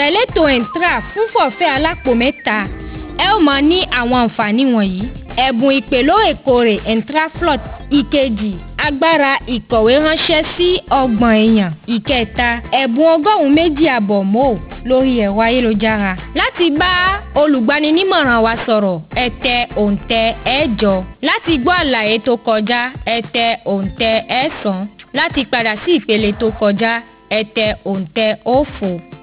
pẹ̀lẹ́tò entra fún fọ̀fẹ́ alápò mẹ́ta ẹ ó máa ní àwọn àǹfààní wọ̀nyí ẹ̀bùn ìpè lóòrèkóòrè entraflot ìkejì agbára ìkọ̀wé ránṣẹ́ sí ọgbọ̀n èèyàn ìkẹta ẹ̀bùn ọgọ́rùn-ún méjì àbọ̀ mò lórí ẹ̀rọ ayélujára láti bá olùgbaninímọ̀ràn wa sọ̀rọ̀ ẹ tẹ òǹtẹ̀ ẹ̀jọ láti gbọ́ àlàyé tó kọjá ẹ tẹ òǹtẹ̀ ẹ̀sán láti padà sí ìpele tó kọjá ẹ tẹ òǹtẹ̀ òfo.